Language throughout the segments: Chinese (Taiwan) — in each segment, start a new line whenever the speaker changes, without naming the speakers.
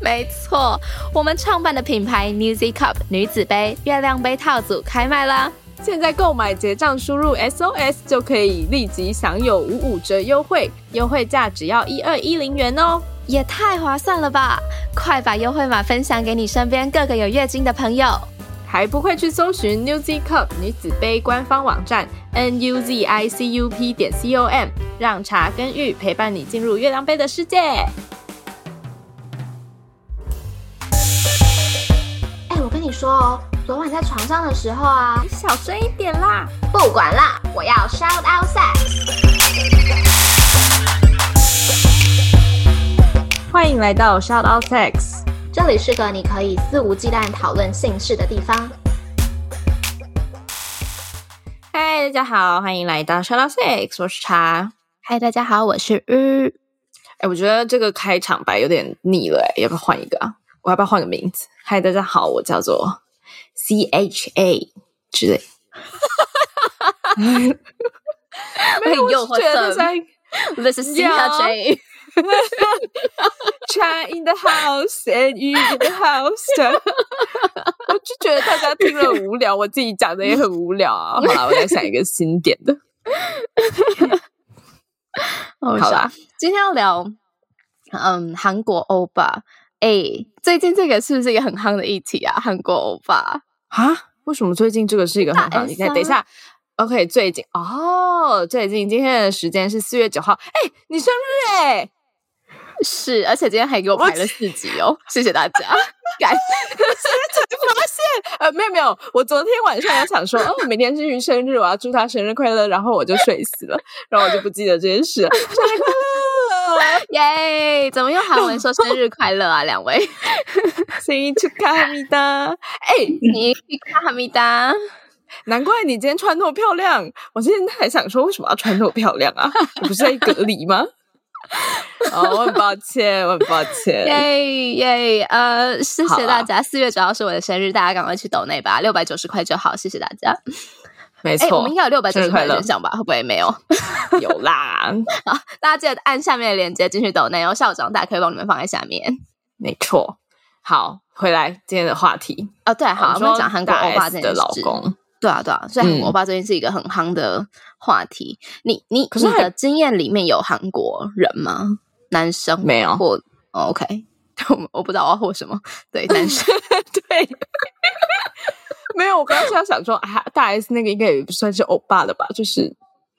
沒錯，我們創辦的品牌 Nuzi Cup 女子杯月亮杯套組開賣啦！現在購買結賬輸入 S O S 就可以立即享有五五折優惠，優惠價只要一二一零元哦，也太划算了吧！快把優惠碼分享給你身邊各個有月經的朋友，還不會去搜尋 Nuzi Cup 女子杯官方網站 n u z i c u p 點 c o m，讓茶跟玉陪伴你進入月亮杯的世界。說哦，昨晚在床上的時候啊，你小聲一點啦！不管啦，我要 shout out sex。歡迎來到 shout out sex，這裡是個你可以肆無忌憚討，討論性事的地方。嗨，大家好，歡迎來到 shout out sex，我是茶。嗨，大家好，我是魚。哎，我覺得這個開場白有點膩了，哎，要不要換一個啊？我要不要換個名字？嗨，大家好，我叫做 C H A，之類，
很誘惑的，這是 C H
A，c h a in the house and you in the house， 我就覺得大家聽了無聊，我自己講的也很無聊啊。好了，我在想一個新點的，
好
了啦，今天要聊，嗯，韓國歐巴。哎、欸，最近這個是不是一個很夯的議題啊？韓國歐巴啊？為什麼最近這個是一個很夯？啊、你再等一下，OK？最近哦，最近今天的時間是四月九號，哎、欸，你生日哎、欸，是，而且今天還給我排了四集哦，塞謝謝大家，感謝。 現在才發現，呃，沒有沒有，我昨天晚上也想說，哦，明天是云生日，我要祝他生日快樂，然後我就睡死了， 然後我就不記得這件事。生日快樂。耶！怎麼又喊我說生日快樂啊？兩位，생일축하합니다。哎，你哈密達， 難怪你今天穿那麼漂亮。我今天還想說，為什麼要穿那麼漂亮啊？你 不是在隔離嗎？哦，我很抱歉，我很抱歉。耶耶，呃，謝謝大家。四月九號是我的生日，大家趕快去抖內吧，六百九十塊就好。謝謝大家。 沒錯，我們應該有六百九十塊的選項吧？會不會沒有？有啦！啊， 大家記得按下面的鏈接進去抖內，然、哦、後校長大家可以幫你們放在下面。沒錯，好，回來今天的話題、哦、啊，對，好，我們講韓國歐巴的老公。對啊，對啊，所以歐巴最近是一個很夯的話題。你、嗯、你，你可是你的經驗裡面有韓國人嗎？男生沒有，或、哦、OK， 我不知道我要或什麼。對，男生 對。 沒有，我剛剛是要想說，大 S 那個應該也不算是歐巴的吧？就是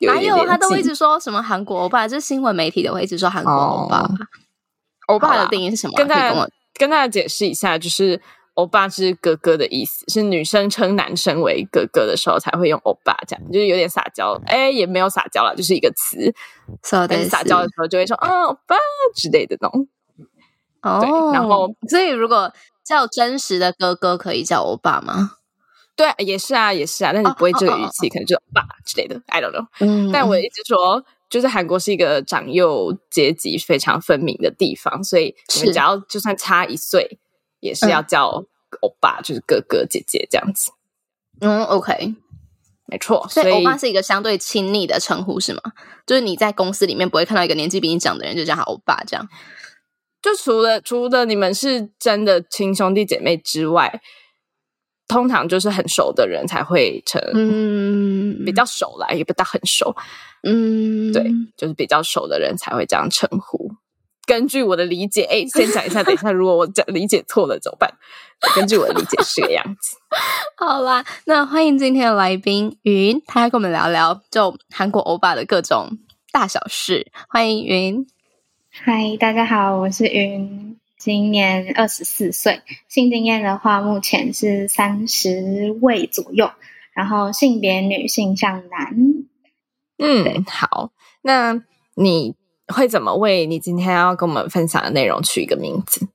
還有，有？他都會一直說什麼韓國歐巴，就是新聞媒體都會一直說韓國歐巴。歐巴的定義是什麼？跟大他跟大家解釋一下，就是歐巴是哥哥的意思，是女生稱男生為哥哥的時候才會用歐巴，這樣就是有點撒嬌。哎，也沒有撒嬌啦，就是一個詞。所以、so、撒嬌的時候就會說嗯、oh, 啊、歐巴之類的那種。哦、oh,，然後所以如果叫真實的哥哥可以叫歐巴嗎？對、啊，也是啊，也是啊，但是你不會這個語氣，oh, oh, oh, oh, oh. 可能就歐巴之類的。I don't know。嗯、但我一直說，就是韓國是一個長幼階級非常分明的地方，所以你們只要就算差一歲，是也是要叫歐巴，嗯、就是哥哥姐姐這樣子。嗯，OK，沒錯。所以，所以歐巴是一個相對親昵的稱呼，是嗎？就是你在公司裡面不會看到一個年紀比你長的人就叫他歐巴這樣。就除了除了你們是真的親兄弟姐妹之外。通常就是很熟的人才會稱，嗯，比較熟啦，嗯、也不大很熟。嗯，對，就是比較熟的人才會這樣稱呼。根據我的理解，哎、欸，先講一下， 等一下如果我講理解錯了怎麼辦？根據我的理解是個樣子， 好啦，那歡迎今天的來賓云，他要跟我們聊聊就韓國歐巴的各種大小事。歡迎
云，嗨，大家好，我是云。今年二十四歲，性經驗的話，目前是三十位左右，然後性別女，性向男。
嗯，對好，那你會怎麼為你今天要跟我們分享的內容取一個名字？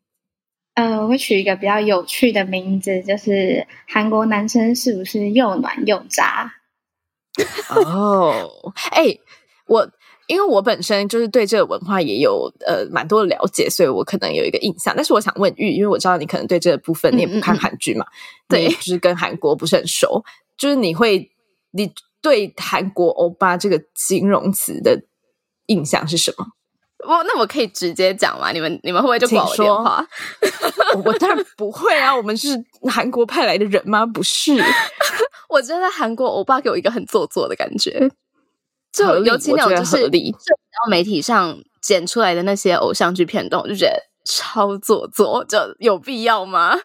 嗯、呃，我會取一個比較有趣的名字，就是韓國男生是不是又暖又渣？
哦，哎，我。因為我本身就是對這個文化也有呃蠻多的了解，所以我可能有一個印象。但是我想問玉，因為我知道你可能對這個部分你也不看韓劇嘛，嗯嗯嗯對，就是跟韓國不是很熟，就是你會你對韓國歐巴這個形容詞的印象是什麼？哇、哦、那我可以直接講嘛？你們你們會不會就掛我電話說？我當然不會啊！ 我們是韓國派來的人嗎？不是， 我覺得韓國歐巴給我一個很做作的感覺。就尤其那種就是，然後媒體上剪出來的那些偶像劇片段，我就覺得超做作，就有必要嗎？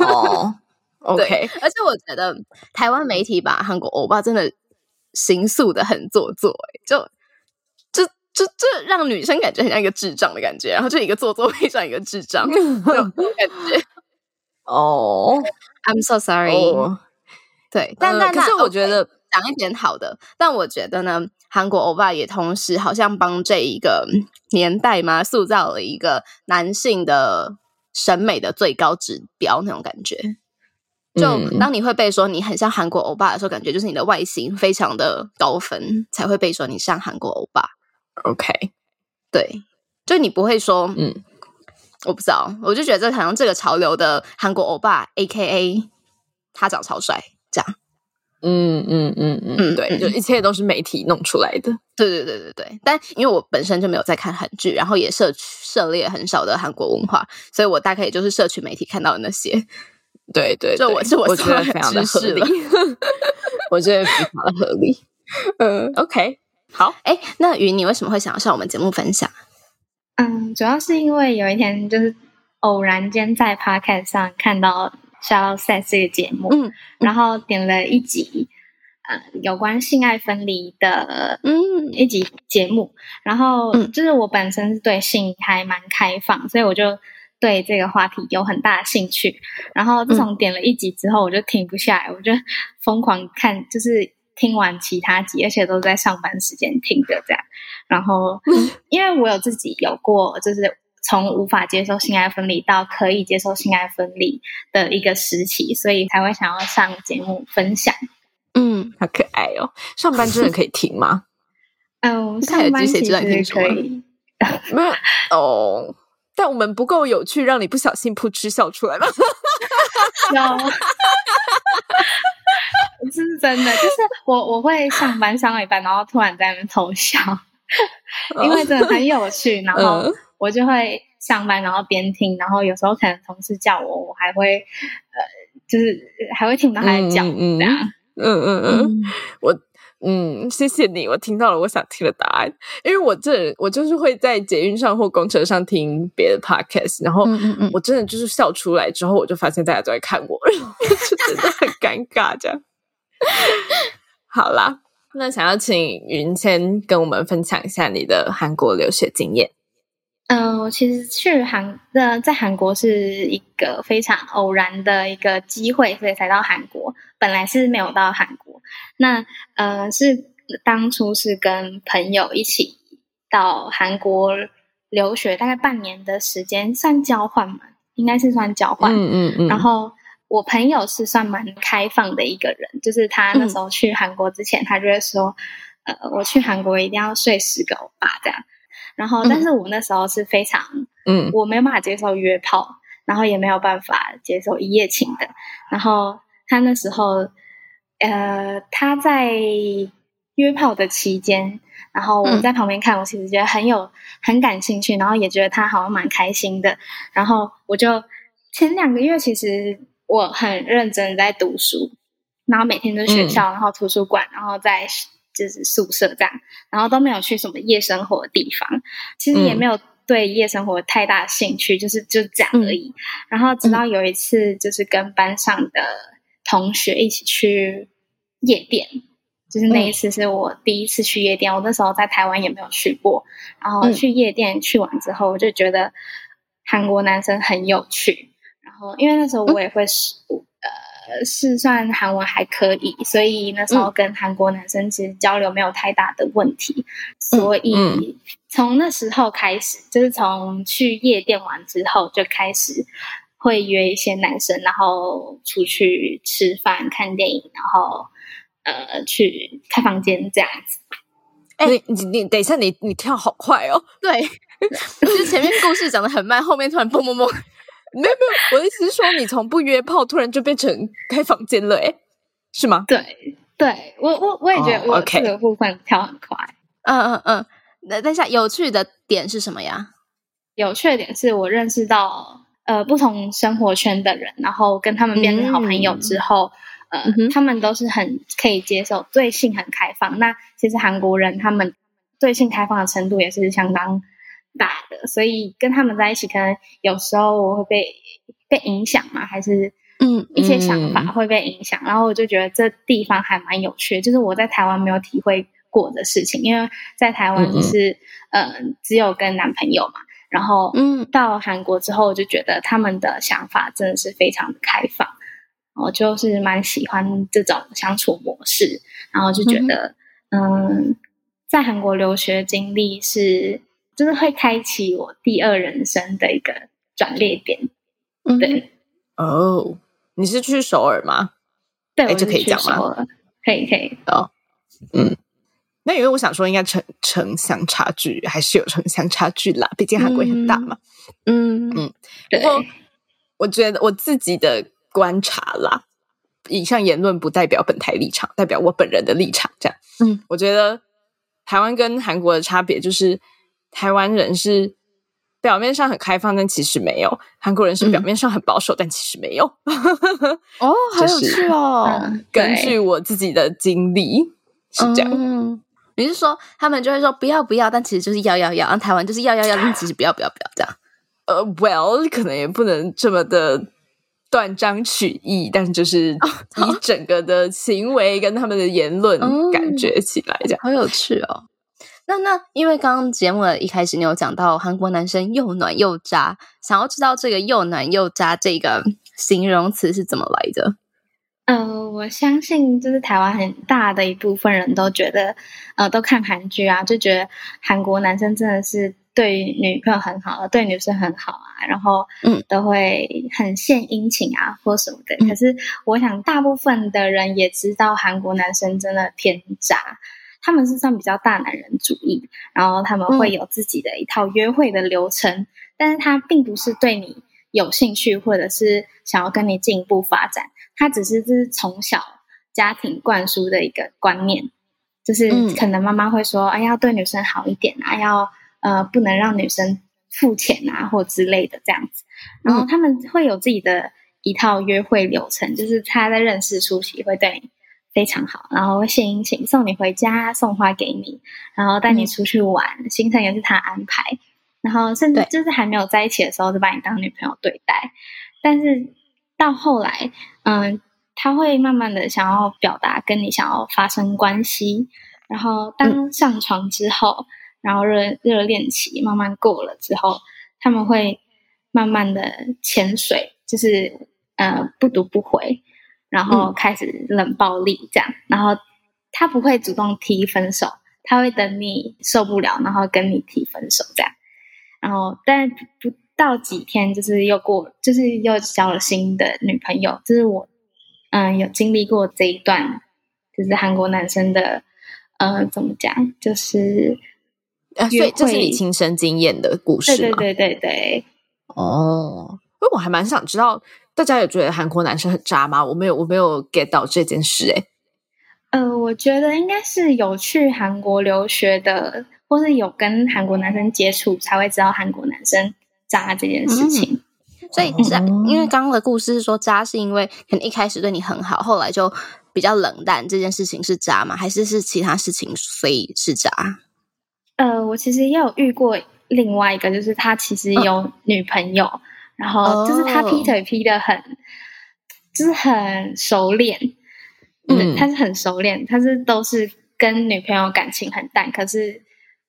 哦、oh，OK。而且我覺得台灣媒體把韓國歐巴真的形塑得很做作，欸，就就就這讓女生感覺很像一個智障的感覺，然後就一個做作配上一個智障的感覺。哦，I'm so sorry。Oh. 對，但但，呃、是我覺得。Okay. 講一點好的，但我覺得呢，韓國歐巴也同時好像幫這一個年代嘛，塑造了一個男性的審美的最高指標那種感覺。就、嗯、當你會被說你很像韓國歐巴的時候，感覺就是你的外形非常的高分才會被說你像韓國歐巴。OK，對，就你不會說，
嗯，
我不知道，我就覺得這好像這個潮流的韓國歐巴，AKA 他長超帥，這樣。
嗯嗯嗯嗯，嗯嗯嗯對，嗯、就一
切都是媒體弄出來的。對對對對對，但因為我本身就沒有在看韓劇，然後也涉涉獵很少的韓國文化，所以我大概也就是社群媒體看到的那些。對，對對，這我是我，我覺得非常的合理， 我覺得非常的合理。嗯 ，OK，好。哎，那雲，你為什麼會想要上我們節目分享？
嗯，主要是因為有一天就是偶然間在 Podcast 上看到。Shout Out Sex 這個節目，嗯，嗯然後點了一集，呃，有關性愛分離的，嗯，一集節目。然後就是我本身是對性還蠻開放，所以我就對這個話題有很大的興趣。然後自從點了一集之後，我就停不下來，嗯、我就瘋狂看，就是聽完其他集，而且都在上班時間聽着這樣。然後、嗯、因為我有自己有過，就是。從無法接受性愛分離到可以接受性愛分離的一個時期，所以才會想要上節目分享。
嗯，好可愛哦！上班之前可以聽嗎？ 嗯，
上班之前可以，就
沒有哦。但我們不夠有趣，讓你不小心噗嗤笑出
來了。有，這是真的。就是我，我會上班上了一半，然後突然在那邊偷笑， 因為真的很有趣，然後、嗯。我就會上班，然後邊聽，然後有時候可能同事叫我，我還會，呃，就是還會聽到他在講嗯，嗯，嗯嗯這樣嗯，嗯
我，嗯，謝謝你，我聽到了我想聽的答案，因為我這我就是會在捷運上或公車上聽別的 podcast，然後我真的就是笑出來之後，我就發現大家都在看我，嗯嗯、 就真的很尷尬，這樣。 好啦，那想要請云謙跟我們分享一下你的韓國留學經驗。
嗯，我、呃、其實去韓呃在韓國是一個非常偶然的一個機會，所以才到韓國。本來是沒有到韓國，那呃是當初是跟朋友一起到韓國留學，大概半年的時間，算交換嘛，應該是算交換。嗯嗯嗯。嗯嗯然後我朋友是算蠻開放的一個人，就是他那時候去韓國之前，嗯、他就會說，呃，我去韓國一定要睡十個歐巴這樣。然後，嗯、但是我那時候是非常，嗯，我沒有辦法接受約炮，然後也沒有辦法接受一夜情的。然後他那時候，呃，他在約炮的期間，然後我在旁邊看，我其實覺得很有很感興趣，然後也覺得他好像蠻開心的。然後我就前兩個月，其實我很認真在讀書，然後每天都學校，嗯、然後圖書館，然後在。就是宿舍這樣，然後都沒有去什麼夜生活的地方，其實也沒有對夜生活太大興趣，嗯、就是就這樣而已。嗯、然後直到有一次，就是跟班上的同學一起去夜店，就是那一次是我第一次去夜店。嗯、我那時候在台灣也沒有去過，然後去夜店、嗯、去完之後，我就覺得韓國男生很有趣。然後因為那時候我也會是算韓文還可以，所以那時候跟韓國男生其實交流沒有太大的問題。嗯、所以從那時候開始，嗯嗯、就是從去夜店玩之後，就開始會約一些男生，然後出去吃飯、看電影，然後呃去開房間這樣子。欸欸、你你等一下你，你你跳好快哦！
對， 就是前面故事講的很慢，後面突然蹦蹦蹦。沒有沒有，我的意思是說，你從不約炮突然就變成開房間了。欸，哎，是嗎？對，對
我我我也覺得我這個部分跳很快。嗯嗯嗯，那等一下，有趣的點是什麼呀？有趣的點是我認識到呃不同生活圈的人，然後跟他們變成好朋友之後，哼、嗯呃，他們都是很可以接受，對性很開放。那其實韓國人他們對性開放的程度也是相當。大的，所以跟他們在一起，可能有時候我會被被影響嘛，還是嗯一些想法會被影響。嗯嗯、然後我就覺得這地方還蠻有趣，就是我在台灣沒有體會過的事情，因為在台灣，就是嗯哼、呃、只有跟男朋友嘛。然後嗯到韓國之後，我就覺得他們的想法真的是非常的開放，我就是蠻喜歡這種相處模式。然後就覺得嗯，哼嗯，在韓國留學經歷是。就是會開啟
我第二人生的一個轉捩點，對、嗯、哦，你是去首爾嗎？
對，就誒可以講話了，可
以可以哦，嗯，那因為我想說，應該城城鄉差距還是有城鄉差距啦，畢竟韓國也很大嘛，嗯嗯，然後我覺得我自己的觀察啦，以上言論不代表本台立場，代表我本人的立場，這樣，嗯，我覺得台灣跟韓國的差別就是。台灣人是表面上很開放，但其實沒有；韓國人是表面上很保守，嗯、但其實沒有。 哦，好有趣哦！嗯、根據我自己的經歷對是這樣，嗯、你是說他們就會說不要不要，但其實就是要要要；然後台灣就是要要要，啊、但其實不要不要不要這樣。呃，Well，可能也不能這麼的斷章取義，但就是以整個的行為跟他們的言論感覺起來，這樣、哦好，嗯、好有趣哦。那那，因為剛剛節目的一開始，你有講到韓國男生又暖又渣，想要知道這個“又暖又渣”這個形容詞是怎麼來的？嗯，
呃，我相信就是台灣很大的一部分人都覺得，呃，都看韓劇啊，就覺得韓國男生真的是對女朋友很好，對女生很好啊，然後嗯，都會很獻殷勤啊，或什麼的。嗯。可是我想，大部分的人也知道，韓國男生真的偏渣。他們是算比較大男人主義，然後他們會有自己的一套約會的流程，嗯、但是他並不是對你有興趣或者是想要跟你進一步發展，他只是就是從小家庭灌輸的一個觀念，就是可能媽媽會說，哎、嗯啊，要對女生好一點啊，要呃不能讓女生付錢啊，或之類的這樣子，然後他們會有自己的一套約會流程，就是他在認識初期會對非常好，然後獻殷勤，送你回家，送花給你，然後帶你出去玩，行程、嗯、也是他安排，然後甚至就是還沒有在一起的時候，就把你當女朋友對待。對，但是到後來，嗯、呃，他會慢慢的想要表達跟你想要發生關係，然後當上床之後，嗯、然後熱熱戀期慢慢過了之後，他們會慢慢的潛水，就是呃不讀不回。然後開始冷暴力這樣，嗯、然後他不會主動提分手，他會等你受不了，然後跟你提分手這樣。然後但不到幾天，就是又過，就是又交了新的女朋友。就是我，嗯、呃，有經歷過這一段，就是韓國男生的，呃，怎麼講，就是約會、啊。所以這是你親
身經驗的故事。對對
對對對。哦，因為我還蠻想知道。
大家有覺得韓國男生很渣嗎？我沒有，我沒有 get 到這件事哎、欸。嗯、
呃，我覺得應該是有去韓國留學的，或是有跟韓國男生接觸，才會知道韓國男生渣這件事情。嗯、所以，嗯、因為剛剛的故事是說渣是因為可能一開始對你很好，後來就比較冷淡，這件事情是
渣嗎？還是是其他事情，所以是渣？
呃，我其實也有遇過另外一個，就是他其實有女朋友。呃然後就是他劈腿劈得很，哦、就是很熟練，嗯，嗯，他是很熟練，他是都是跟女朋友感情很淡，可是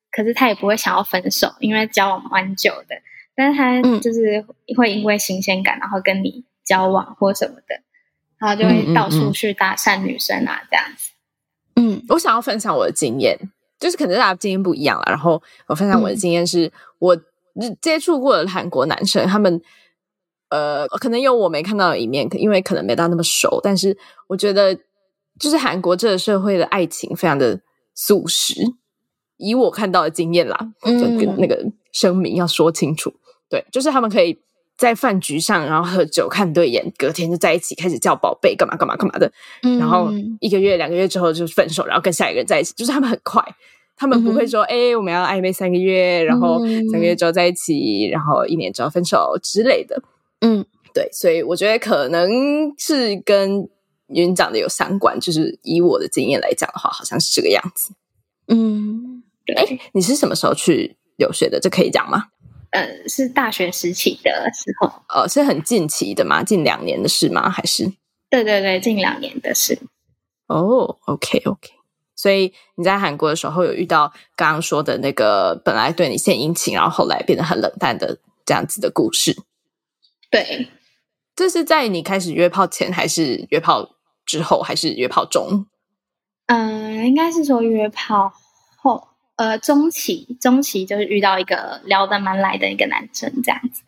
可是他也不會想要分手，因為交往蠻久的，但是他就是會因為新鮮感，嗯、然後跟你交往或什麼的，然後就會到處去搭訕女生啊，嗯嗯嗯這樣子。
嗯，我想要分享我的經驗，就是可能大家經驗不一樣了，然後我分享我的經驗是、嗯、我。接觸過的韓國男生，他們呃，可能有我沒看到的一面，因為可能沒到那麼熟。但是我覺得，就是韓國這個社會的愛情非常的速食，以我看到的經驗啦，就跟那個聲明要說清楚，嗯、對，就是他們可以在飯局上，然後喝酒看對眼，隔天就在一起，開始叫寶貝，幹嘛幹嘛幹嘛的，然後一個月兩個月之後就分手，然後跟下一個人在一起，就是他們很快。他們不會說：“哎、嗯哼欸，我們要曖昧三個月，然後三個月之後在一起，然後一年之後分手之類的。”嗯，對，所以我覺得可能是跟云講的有相關。就是以我的經驗來講的話，好像是這個樣子。嗯，哎對、欸，你是什麼時候去留學的？這可以講嗎？呃，是大學時期的時候。呃，是很近期的嗎？近兩年的事嗎？還是？對對對，近兩年的事。哦、oh，OK OK。所以你在韓國的時候會有遇到剛剛說的那個本來對你獻殷勤，然後後來變得很冷淡的這樣子的故事？
對，
這是在你開始約炮前，還是約炮之後，還是約炮中？嗯、
呃，應該是說約炮後，呃，中期，中期就是遇到一個聊得蠻來的一個男生這樣子。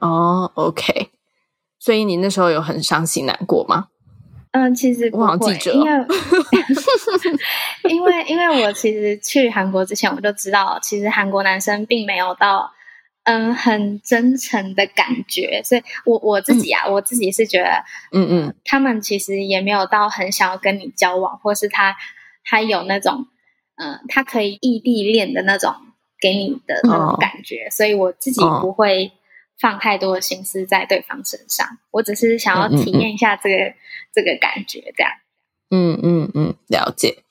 哦，OK，所以你那時候有很傷心難過嗎？嗯，
其實不會，記因為 因為因為我其實去韓國之前我就知道，其實韓國男生並沒有到嗯很真誠的感覺，所以我我自己啊，嗯、我自己是覺得，嗯嗯，嗯他們其實也沒有到很想要跟你交往，或是他他有那種嗯他可以異地戀的那種給你的那種感覺，嗯、所以我自己不會、嗯。放太多的心思在對方身上，我只是想要體驗一下這個這個感覺，這
樣，嗯。嗯嗯嗯，嗯，嗯，了解。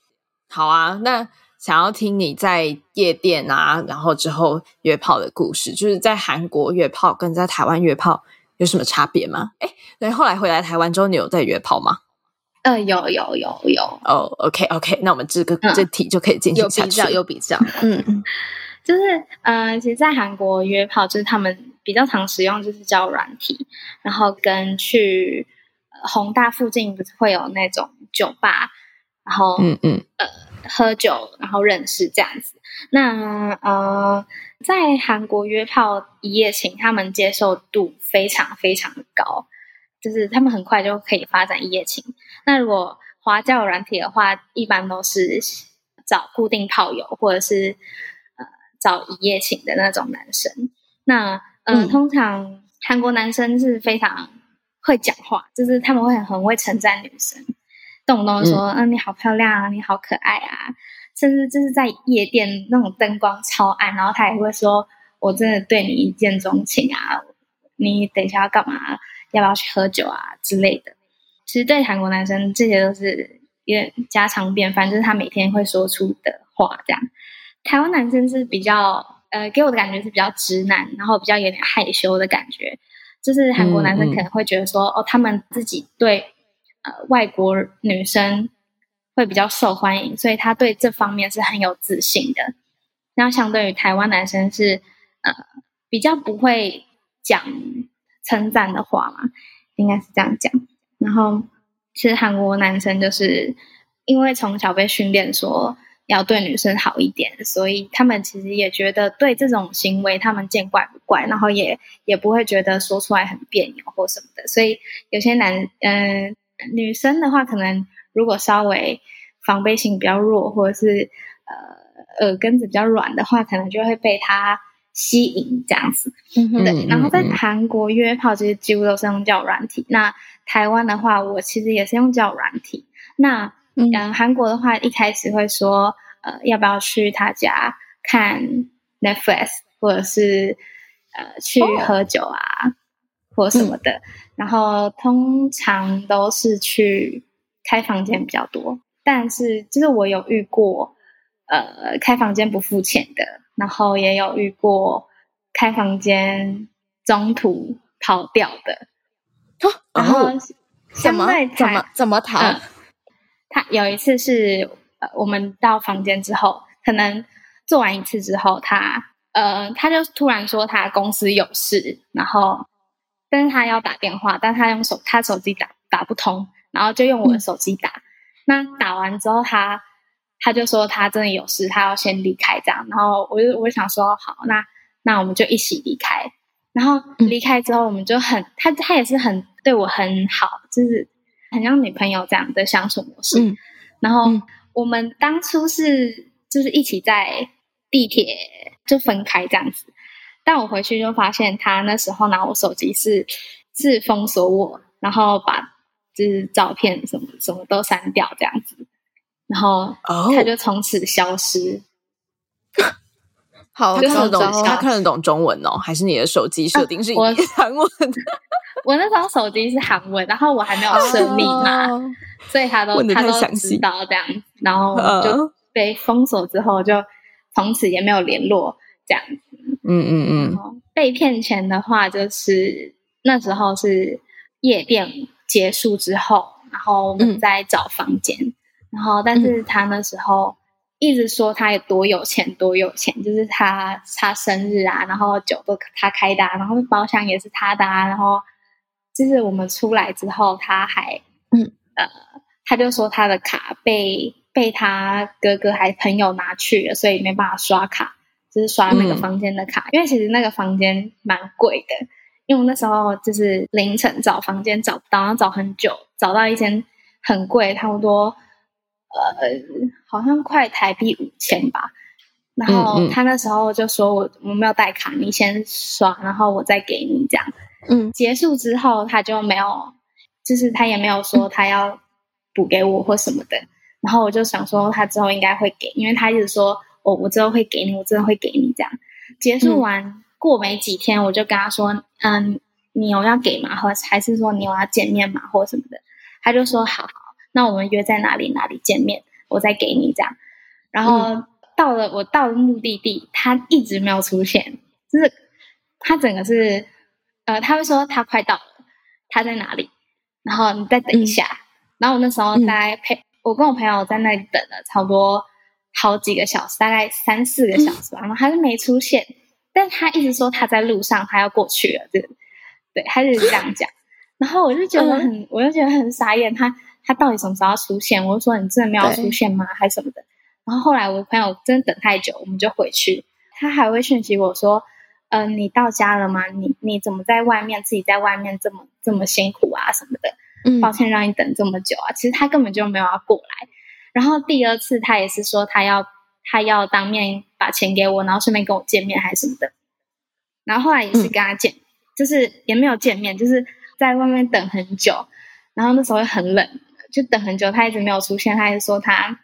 好啊，那想要聽你在夜店啊，然後之後約炮的故事，就是在韓國約炮跟在台灣約炮有什麼差別嗎？哎，欸，那後來回來台灣之後，你有在約炮嗎？嗯、
呃，有有有有。
哦，oh，OK OK，那我們這個，嗯、這題就可以進行比較，有比較。嗯
嗯，就是嗯、呃，其實，在韓國約炮就是他們。比較常使用就是交軟體，然後跟去宏大附近不是會有那種酒吧，然後嗯嗯呃喝酒，然後認識這樣子。那呃在韓國約炮一夜情，他們接受度非常非常高，就是他們很快就可以發展一夜情。那如果滑交軟體的話，一般都是找固定炮友或者是呃找一夜情的那種男生。那嗯、呃，通常韓國男生是非常會講話，就是他們會很會稱讚女生，動不動說啊、嗯呃、你好漂亮，啊，你好可愛啊，甚至就是在夜店那種燈光超暗，然後他也會說我真的對你一見鍾情啊，你等一下要幹嘛？要不要去喝酒啊之類的。其實對韓國男生這些都是有點家常便飯，就是他每天會說出的話這樣。台灣男生是比較。呃，給我的感覺是比較直男，然後比較有點害羞的感覺。就是韓國男生可能會覺得說，嗯嗯、哦，他們自己對呃外國女生會比較受歡迎，所以他對這方面是很有自信的。那相對於台灣男生是呃比較不會講稱讚的話嘛，應該是這樣講。然後其實韓國男生，就是因為從小被訓練說。要對女生好一點，所以他們其實也覺得對這種行為，他們見怪不怪，然後也也不會覺得說出來很彆扭或什麼的。所以有些男，嗯、呃，女生的話，可能如果稍微防備心比較弱，或者是呃耳根子比較軟的話，可能就會被他吸引這樣子。嗯、對，嗯嗯嗯，然後在韓國約炮，其實幾乎都是用叫軟體。那台灣的話，我其實也是用叫軟體。那嗯，韓國的話一開始會說，呃，要不要去他家看 Netflix，或者是呃去喝酒啊，哦、或什麼的。嗯、然後通常都是去開房間比較多。但是，就是我有遇過，呃，開房間不付錢的，然後也有遇過開房間中途跑掉的。哦、然後怎，怎麼怎麼怎麼逃？呃他有一次是，呃，我們到房間之後，可能做完一次之後，他，呃，他就突然說他公司有事，然後，但是他要打電話，但他用手他手機打打不通，然後就用我的手機打。嗯。那打完之後他，他他就說他真的有事，他要先離開這樣。然後我就我就想說好，那那我們就一起離開。然後離開之後，我們就很，他他也是很對我很好，就是。很像女朋友這樣的相處模式，嗯、然後我們當初是就是一起在地鐵就分開這樣子，但我回去就發現他那時候拿我手機是是封鎖我，然後把就是照片什麼什麼都刪掉這樣子，然後他就從此消失。哦、 好，他看得懂，他看
得懂中文哦？還是你的手機設定是英
文？啊 我那時候手機是韓文，然後我還沒有設密碼，啊、所以他都他都知道這樣，然後就被封鎖之後就從此也沒有聯絡這樣子。嗯嗯嗯。被騙錢的話，就是那時候是夜店結束之後，然後我們在找房間，嗯、然後但是他那時候一直說他有多有錢多有錢，嗯、就是他他生日啊，然後酒都他開的、啊，然後包廂也是他的、啊，然後。就是我們出來之後，他還、嗯，呃，他就說他的卡被被他哥哥還是朋友拿去了，所以沒辦法刷卡，就是刷那個房間的卡，嗯、因為其實那個房間蠻貴的，因為我那時候就是凌晨找房間找不到，找很久找到一間很貴，差不多呃，好像快台幣五千吧。然後他那時候就說我：“我、嗯嗯，我沒有帶卡，你先刷，然後我再給你這樣。”嗯，結束之後他就沒有，就是他也沒有說他要補給我或什麼的。然後我就想說他之後應該會給，因為他一直說我、哦、我之後會給你，我之後會給你這樣。結束完、嗯、過沒幾天，我就跟他說：“嗯，你有要給嗎？或還是說你有要見面嗎？或什麼的？”他就說：“好，好，那我們約在哪裡？哪裡見面？我再給你這樣。”然後。嗯到了，我到了目的地，他一直沒有出現，就是他整個是，呃，他會說他快到了，他在哪裡？然後你再等一下。嗯、然後我那時候在陪、嗯、我跟我朋友在那裡等了差不多好幾個小時，大概三四個小時吧，嗯、然後還是沒出現。但他一直說他在路上，他要過去了，對、就是，對，他就是這樣講。然後我就覺得很，嗯、我就覺得很傻眼，他他到底什麼時候出現？我就說你真的沒有出現嗎？對還是什麼的？然後後來我朋友真的等太久，我們就回去。他還會訊息我說：“嗯、呃，你到家了嗎？你你怎麼在外面？自己在外面這麼這麼辛苦啊什麼的？抱歉讓你等這麼久啊。嗯”其實他根本就沒有要過來。然後第二次他也是說他要他要當面把錢給我，然後順便跟我見面還是什麼的。然後後來也是跟他見，嗯、就是也沒有見面，就是在外面等很久。然後那時候也很冷，就等很久，他一直沒有出現。他就說他。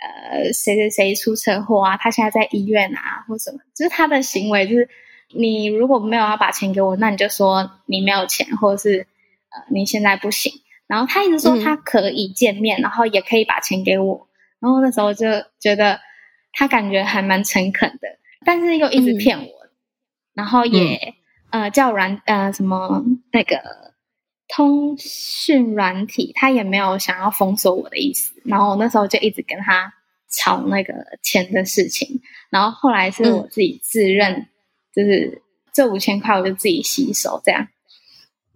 呃，誰誰誰出車禍啊，他現在在醫院啊，或什麼？就是他的行為就是，你如果沒有要把錢給我，那你就說你沒有錢，或者是呃你現在不行。然後他一直說他可以見面，嗯、然後也可以把錢給我。然後那時候就覺得他感覺還蠻誠懇的，但是又一直騙我。嗯、然後也呃叫阮呃什麼那個。通訊軟體，他也沒有想要封鎖我的意思，然後我那時候就一直跟他吵那個錢的事情。然後後來是我自己自認，嗯、就是這五千塊我就自己吸收這樣。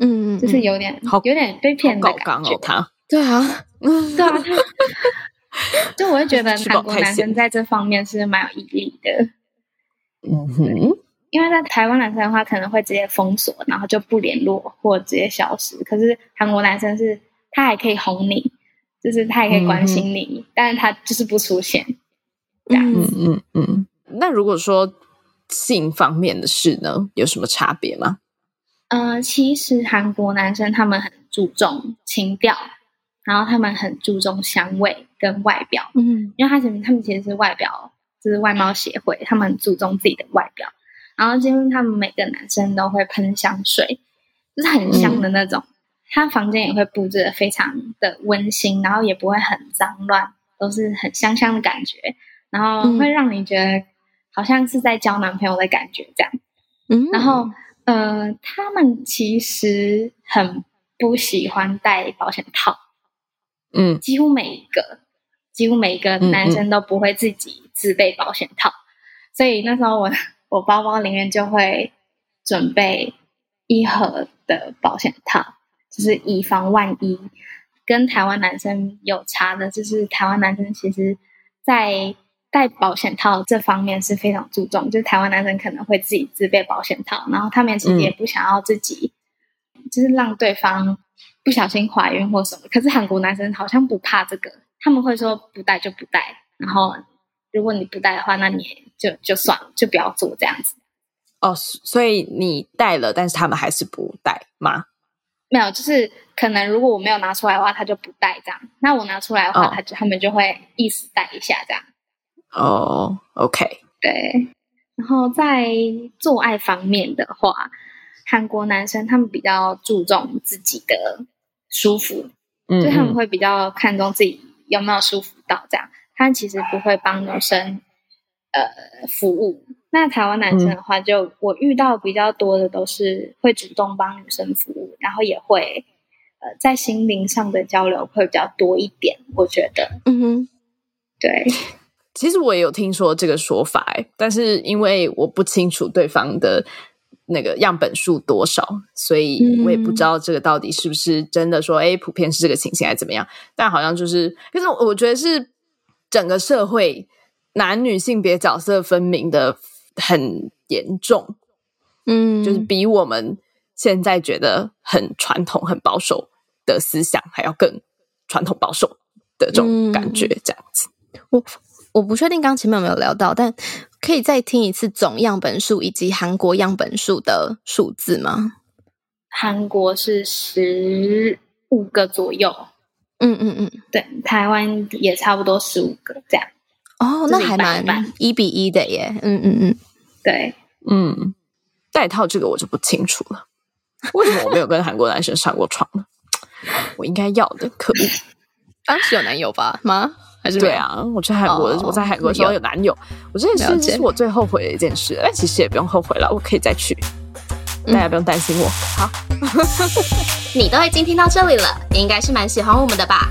嗯，嗯就是有點好有點被騙的感覺。好好他對啊，對、嗯、啊， 就我會覺得韓國男生在這方面是蠻有毅力的。嗯哼。因為在台灣男生的話，可能會直接封鎖，然後就不聯絡或直接消失。可是韓國男生是，他還可以哄你，就是他也可以關心你，嗯、但是他就是不出現。這樣嗯嗯嗯。那如果說性方
面的事呢，有什麼差別嗎？
呃，其實韓國男生他們很注重情調，然後他們很注重香味跟外表。嗯，因為他是他們其實是外表，就是外貌協會，他們很注重自己的外表。然後，今天他們每個男生都會噴香水，就是很香的那種。嗯、他房間也會布置的非常的溫馨，然後也不會很髒亂，都是很香香的感覺，然後會讓你覺得好像是在交男朋友的感覺這樣。嗯，然後，呃，他們其實很不喜歡戴保險套，嗯，幾乎每一個，幾乎每一個男生都不會自己自備保險套，嗯、所以那時候我。我包包裡面就會準備一盒的保險套，就是以防萬一。跟台灣男生有差的就是，台灣男生其實，在戴保險套這方面是非常注重，就是台灣男生可能會自己自備保險套，然後他們其實也不想要自己，就是讓對方不小心懷孕或什麼。嗯。可是韓國男生好像不怕這個，他們會說不戴就不戴，然後如果你不戴的話，那你也。就就算了就不要做這樣子。
哦，所以你帶了，但是他們還是不帶嗎？
沒有，就是可能如果我沒有拿出來的話，他就不帶這樣。那我拿出來的話，哦，他就他們就會意思帶一下這樣。
哦，OK，
對。然後在做愛方面的話，韓國男生他們比較注重自己的舒服，嗯嗯，所以他們會比較看重自己有沒有舒服到這樣。他們其實不會幫女生呃，服務。那台灣男生的話就，就、嗯、我遇到比較多的都是會主動幫女生服務，然後也會呃，在心靈上的交流會比較多一點。我覺得，嗯哼，對。
其實我也有聽說這個說法、欸，但是因為我不清楚對方的那個樣本數多少，所以我也不知道這個到底是不是真的說，哎、嗯欸，普遍是這個情形，還是怎麼樣？但好像就是，其實我覺得是整個社會。男女性別角色分明的很嚴重，嗯，就是比我們現在覺得很傳統、很保守的思想還要更傳統、保守的這種感覺，這樣子。嗯、我我不確定剛剛前面有沒有聊到，但可以再聽一次總樣本數以及韓國樣本數的數字嗎？
韓國是十五個左右，嗯嗯嗯，對，台灣也差不多十五個這樣。
哦，那還蠻一比一的耶，嗯嗯嗯，對，嗯，帶套這個我就不清楚了， 為什麼我沒有跟韓國男生上過床呢？我應該要的，可以，當時、啊、有男友吧？嗎？還是對啊，我在韓國，哦、去韓國的在韓國的時候有男友，有我真的覺得這是我最後悔的一件事，有但其實也不用後悔了，我可以再去，大家不用擔心我。嗯、好， 你都已經聽到這裡了，你應該是蠻喜歡我們的吧？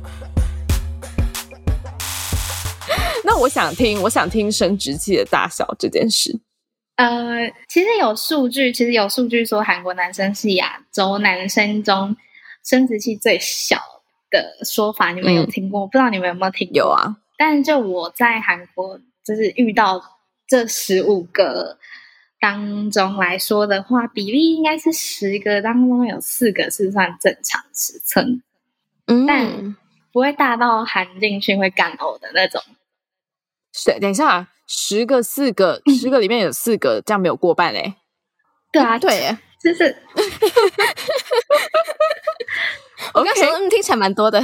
我想聽，我想聽生殖器的大小這件事。
呃，其實有數據，其實有數據說韓國男生是亞洲男生中生殖器最小的說法，你們有聽過？嗯，我不知道你們有沒有聽過？有啊。但就我在韓國，就是遇到這十五個當中來說的話，比例應該是十個當中有四個是算正常尺寸，嗯，但不會大到含進去會乾嘔的那種。
等等一下，啊，十個四個，十個裡面有四個，嗯，這樣沒有過半嘞，
欸。對啊，嗯，對耶，就是 我剛剛說，Okay 嗯，聽起來蠻多的。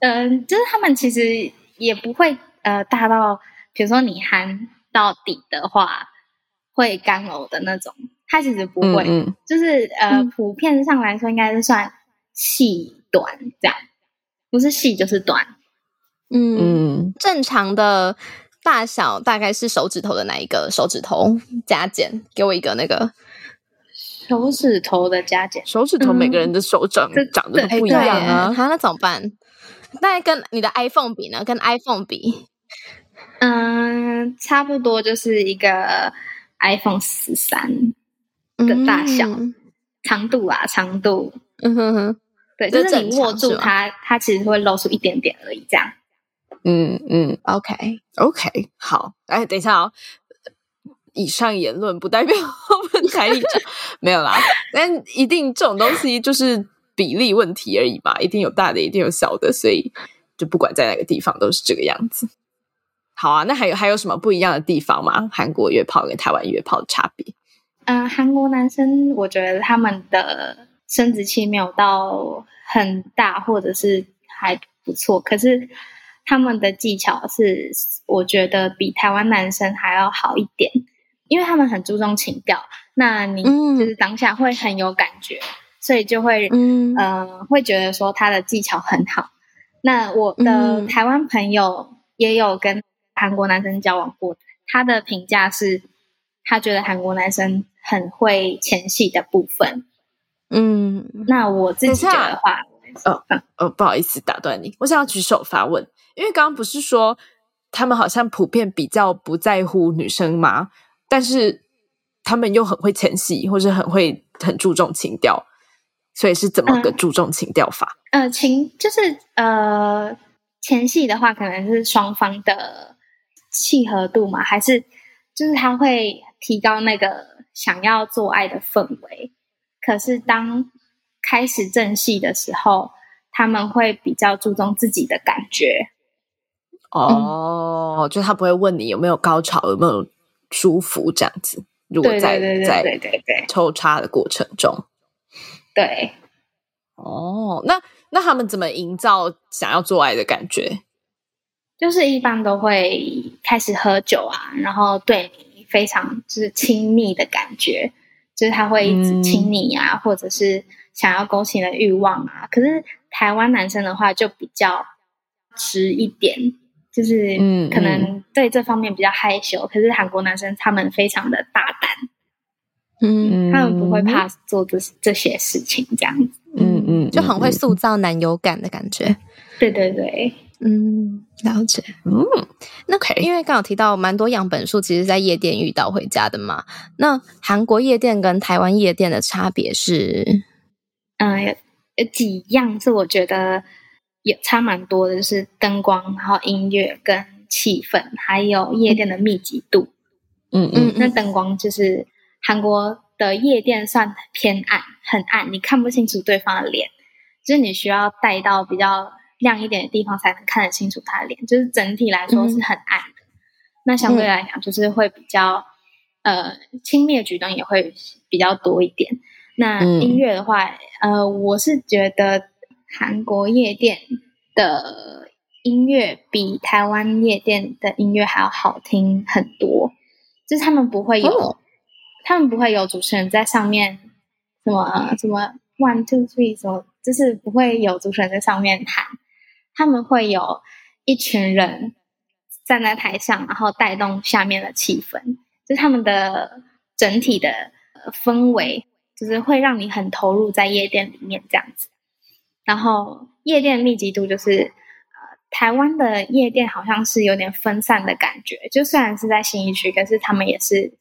嗯，呃，就是他們其實也不會呃大到，比如說你含到底的話會乾嘔的那種，他其實不會，嗯嗯就是呃，嗯，普遍上來說，應該是算細短這樣，不是細就是短。嗯，嗯，正常的
大小大概是手指頭的哪一個手指頭加減？給我一個那個手指頭的加減。手指頭每個人的手掌長、嗯、長得都不一樣
啊，啊，那怎麼辦？那跟你的 iPhone 比呢？跟 iPhone 比，嗯，差不多就是一個 iPhone 十三的大小，嗯、長度啊，長度，嗯哼哼。對，就是你握住它，嗎它其實會露出一點點而已，這樣。
嗯嗯，OK OK，好，哎，等一下哦，以上言論不代表我們才 沒有啦，但一定這種東西就是比例問題而已吧，一定有大的，一定有小的，所以就不管在哪個地方都是這個樣子。好啊，那還有還有什麼不一樣的地方嗎？韓國約炮跟台灣約炮的差別？
嗯、呃，韓國男生我覺得他們的生殖器沒有到很大，或者是還不錯，可是。他們的技巧是，我覺得比台灣男生還要好一點，因為他們很注重情調，那你就是當下會很有感覺，嗯、所以就會，嗯、呃，會覺得說他的技巧很好。那我的台灣朋友也有跟韓國男生交往過，嗯、他的評價是，他覺得韓國男生很會前戲的部分。嗯，那我自己覺得話，嗯、
哦哦，不好意思打斷你，我想要舉手發問。因為剛剛不是說他們好像普遍比較不在乎女生嘛？但是他們又很會前戲，或是很會很注重情調，所以是怎麼個注重情調法？
呃，呃，情就是呃前戲的話，可能是雙方的契合度嘛，還是就是他會提高那個想要做愛的氛圍。可是當開始正戲的時候，他們會比較注重自己的感覺。
哦，嗯、就他不會問你有沒有高潮，有沒有舒服這樣子。如果在在在抽插的過程中，對，哦，那那他們怎麼營造想要做愛的感覺？就是一般都會
開始喝酒啊，然後對你非常就是親密的感覺，就是他會一直親你啊，嗯、或者是想要勾起你的欲望啊。可是台灣男生的話就比較直一點。就是嗯，可能對這方面比較害羞，嗯嗯、可是韓國男生他們非常的大膽，嗯，他們不會怕做這、嗯、這些事情，這樣子，嗯嗯，就很會塑造男友感的感覺。嗯、對對對，嗯，了解，嗯，
那、okay，因為剛好提到蠻多樣本數，其實，在夜店遇到回家的嘛。那韓國夜店跟台灣夜店的差別是，嗯、呃，有
幾樣是我覺得。也差蠻多的，就是燈光、然後音樂跟氣氛，還有夜店的密集度。嗯嗯，嗯嗯，那燈光就是韓國的夜店算偏暗，很暗，你看不清楚對方的臉，就是你需要帶到比較亮一點的地方才能看得清楚他的臉。就是整體來說是很暗的，嗯、那相對來講就是會比較、嗯、呃親密的舉動也會比較多一點。那音樂的話，嗯、呃，我是覺得。韓國夜店的音樂比台灣夜店的音樂還要好聽很多，就是他們不會有，他們不會有主持人在上面，什麼什麼 one two three 什麼，就是不會有主持人在上面彈，他們會有一群人站在台上，然後帶動下面的氣氛，就是他們的整體的氛圍，就是會讓你很投入在夜店裡面這樣子。然後夜店密集度就是，呃，台灣的夜店好像是有點分散的感覺，就雖然是在信義區，可是他們也是，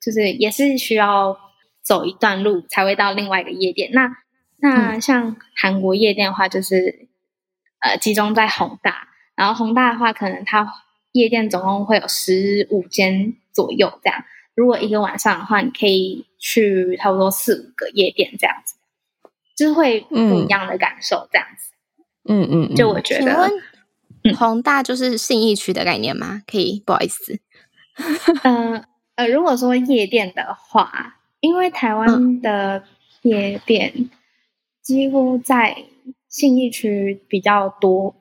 就是也是需要走一段路才會到另外一個夜店，那那像韓國夜店的話，就是呃集中在弘大，然後弘大的話，可能它夜店總共會有十五間左右這樣。如果一個晚上的話，你可以去差不多四五個夜店這樣子。就是會不一樣的感受，嗯、這樣子。嗯嗯，嗯嗯就我覺得，
問嗯，弘大就是信義區的概念嗎？可以，不好意思。
呃呃，如果說夜店的話，因為台灣的夜店幾乎在信義區比較多，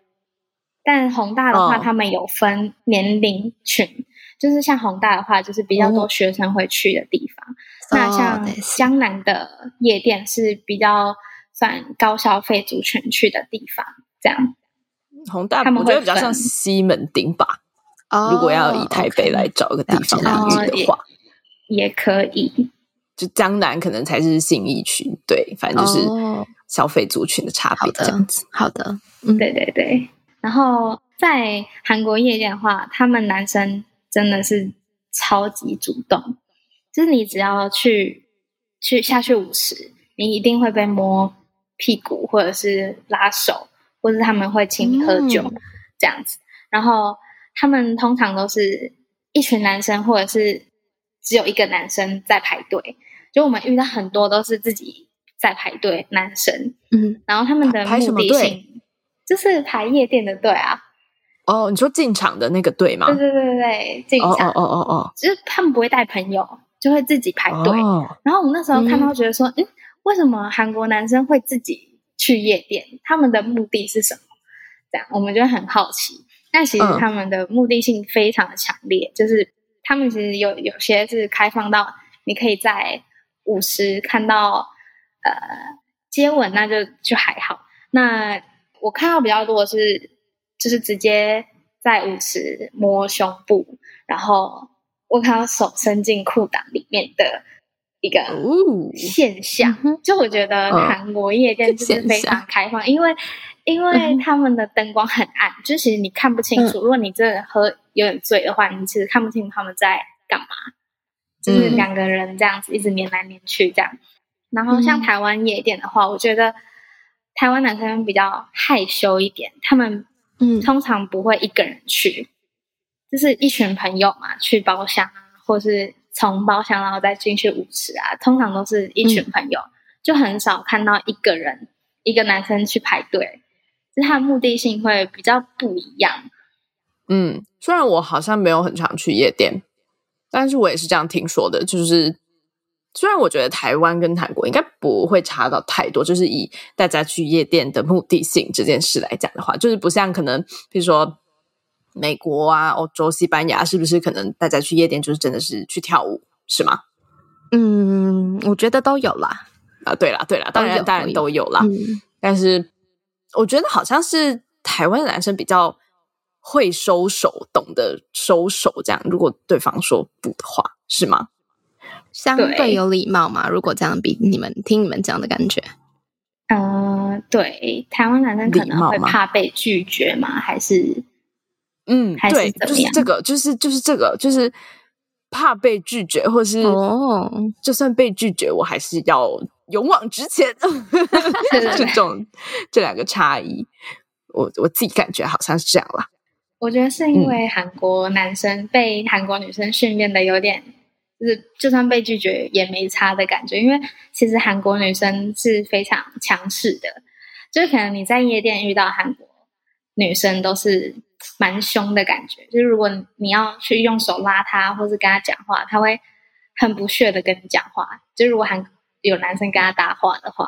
但弘大的話，他們有分年齡群，哦、就是像弘大的話，就是比較多學生會去的地方。嗯那像江南的夜店是比較算高消費族群去的地方，這樣。弘大我覺得比較像西
門町吧？哦、如果要以台北來找一個地方的話，哦也，也可以。就江南可能才是信義區，對，反正就是消費族群的差別的這樣
子。好的，嗯，對對對。然後在韓國夜店的話，他們男生真的是超級主動。就是你只要去去下去五十，你一定會被摸屁股，或者是拉手，或者他們會請你喝酒，嗯、這樣子。然後他們通常都是一群男生，或者是只有一個男生在排隊。就我們遇到很多都是自己在排隊男生，嗯，然後他們的目的性排什麼隊？就是排夜店的隊啊。
哦，oh, 你說進場的那個隊嗎？對對
對對對，進場哦哦哦哦就是他們不會帶朋友。就會自己排隊，哦、然後我們那時候看到，覺得說，嗯，嗯，為什麼韓國男生會自己去夜店？他們的目的是什麼？這樣我們就很好奇。但其實他們的目的性非常的強烈，嗯、就是他們其實有有些是開放到你可以在舞池看到呃接吻，那就就還好。那我看到比較多的是，就是直接在舞池摸胸部，然後。我看到手伸進褲襠裡面的一個現象，就我覺得韓國夜店就是非常開放，因為因為他們的燈光很暗，就其實你看不清楚。如果你真的喝有點醉的話，你其實看不清楚他們在幹嘛，就是兩個人這樣子一直黏來黏去這樣。然後像台灣夜店的話，我覺得台灣男生比較害羞一點，他們嗯通常不會一個人去。就是一群朋友嘛，去包廂啊，或是從包廂然後再進去舞池啊，通常都是一群朋友，嗯、就很少看到一個人一個男生去排隊，是他的目的性會比較不一樣。
嗯，雖然我好像沒有很常去夜店，但是我也是這樣聽說的。就是雖然我覺得台灣跟韓國應該不會差到太多，就是以大家去夜店的目的性這件事來講的話，就是不像可能譬如說。美國啊，歐、哦、洲、西班牙是不是可能大家去夜店就是真的是去跳舞是嗎？嗯，我覺得都有啦。啊，對啦，對啦，都當然有當然都有啦。嗯，但是我覺得好像是台灣男生比較會收手，懂得收手，這樣，如果對方說不的話是嗎？相對有禮貌嘛？對如果這樣比你們聽你們這樣的感覺，嗯、
呃，對，台灣男生可能會怕被拒絕嗎？還是？
嗯，還是怎麼樣？對，就是這個，就是就是這個，就是怕被拒絕，或者是哦，就算被拒絕，我還是要勇
往直前。這 種
的這兩個差異，我我自己感覺好像是這樣啦。
我覺得是因為韓國男生被韓國女生訓練的有點，嗯、就是就算被拒絕也沒差的感覺，因為其實韓國女生是非常強勢的，就是可能你在夜店遇到韓國女生都是。蠻凶的感覺，就是如果你要去用手拉他，或是跟他講話，他會很不屑的跟你講話。就是如果還有男生跟他搭話的話，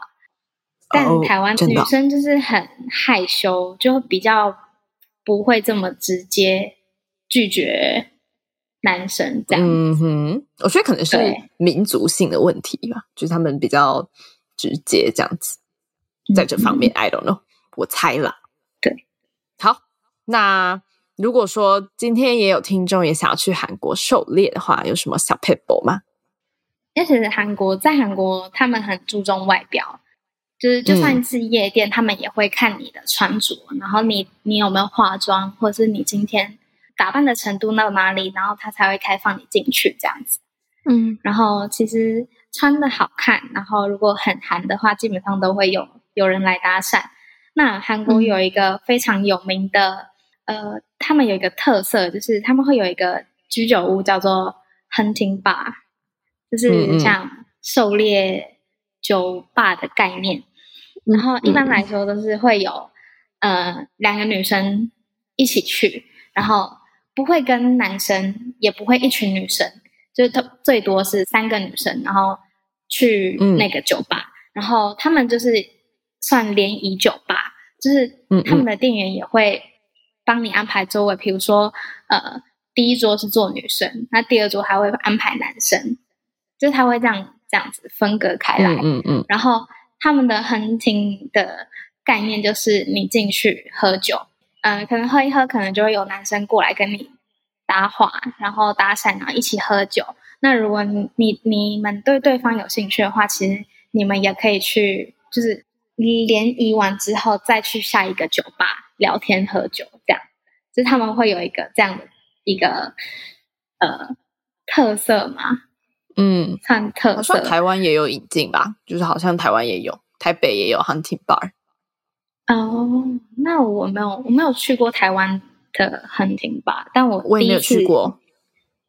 但台灣女生就是很害羞，哦、就比較不會這麼直接拒絕男生
這樣。嗯哼，我覺得可能是民族性的問題吧，對就是他們比較直接這樣子，在這方面、嗯、哼，I don't know，我猜了。對，好。那如果說今天也有聽眾也想要去韓國狩獵的話，有什麼小撇步嗎？
因為其實韓國在韓國，他們很注重外表，就是就算是夜店，嗯、他們也會看你的穿着，然後你你有沒有化妝，或者是你今天打扮的程度到哪裡，然後他才會開放你進去這樣子。嗯，然後其實穿得好看，然後如果很韓的話，基本上都會有有人來搭訕。那韓國有一個非常有名的、嗯。呃，他們有一個特色，就是他們會有一個居酒屋，叫做 Hunting Bar，就是像狩獵酒吧的概念。嗯嗯，然後一般來說都是會有呃兩個女生一起去，然後不會跟男生，也不會一群女生，就是特最多是三個女生，然後去那個酒吧。嗯、然後他們就是算聯誼酒吧，就是他們的店員也會。幫你安排座位，比如說，呃，第一桌是坐女生，那第二桌還會安排男生，就是他會這樣這樣子分隔開來。嗯嗯嗯。然後他們的橫廳的概念就是你進去喝酒，嗯、呃，可能喝一喝，可能就會有男生過來跟你搭話，然後搭訕，然後一起喝酒。那如果你你你們對對方有興趣的話，其實你們也可以去，就是聯誼完之後再去下一個酒吧聊天喝酒。就是他們會有一個這樣的一個呃特色嘛？嗯，算特色。台灣
也有引進吧，就是好像台灣也有，台北也有 hunting bar。哦
，oh, 那我沒有，我沒有去過台灣的 hunting bar，但我我也沒有去過，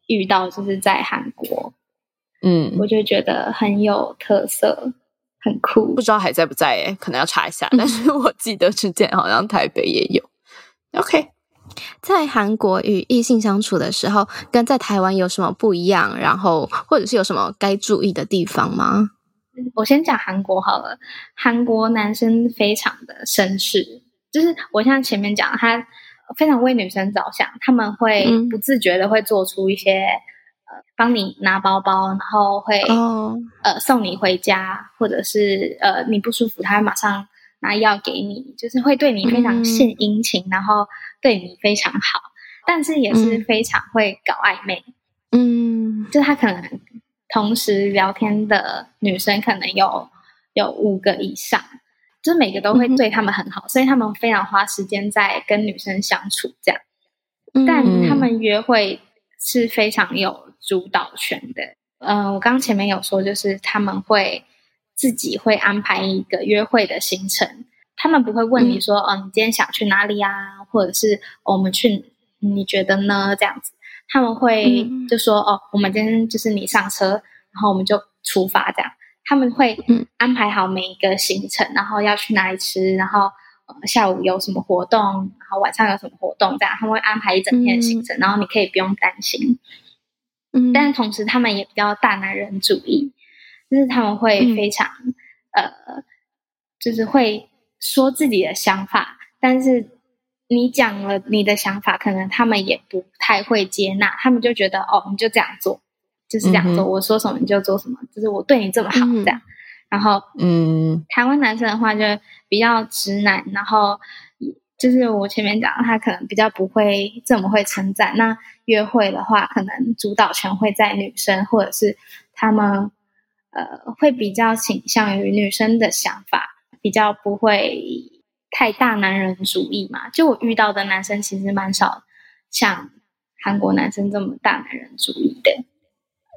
遇到就是在韓國，嗯，我就覺得很
有特色，嗯、很酷 cool。不知道還在不在，欸，可能要查一下。嗯、但是我記得之前好像台北也有。OK。在韓國與異性相處的時候，跟在台灣有什麼不一樣？然後或者是有什麼該注意的地方嗎？
我先講韓國好了。韓國男生非常的紳士，就是我像前面講，他非常為女生着想，他們會不自覺的會做出一些、嗯、呃，幫你拿包包，然後會、哦、呃送你回家，或者是呃你不舒服，他會馬上拿藥給你，就是會對你非常獻殷勤，嗯、然後，對你非常好，但是也是非常會搞曖昧。嗯，就他可能同時聊天的女生可能有有五個以上，就是每個都會對他們很好，嗯、哼所以他們非常花時間在跟女生相處這樣。嗯、但他們約會是非常有主導權的。嗯、呃，我剛剛前面有說，就是他們會自己會安排一個約會的行程。他們不會問你說，嗯、哦，你今天想去哪裡呀、啊？或者是、哦、我們去，你覺得呢？這樣子，他們會就說，嗯、哦，我們今天就是你上車，然後我們就出發這樣。他們會安排好每一個行程，嗯、然後要去哪裡吃，然後、呃、下午有什麼活動，然後晚上有什麼活動這樣。他們會安排一整天的行程，嗯、然後你可以不用擔心。嗯，但同時他們也比較大男人主義，就是他們會非常，嗯、呃，就是會。說自己的想法，但是你講了你的想法，可能他們也不太會接納，他們就覺得哦，你就這樣做，就是這樣做，嗯、哼我說什麼你就做什麼，就是我對你這麼好、嗯、哼這樣。然後，嗯，台灣男生的話就比較直男，然後就是我前面講的，他可能比較不會這麼會稱讚。那約會的話，可能主導權會在女生，或者是他們呃會比較傾向於女生的想法。比較不會太大男人主義嘛？就我遇到的男生其實蠻少，像韓國男生這麼大男人主義的。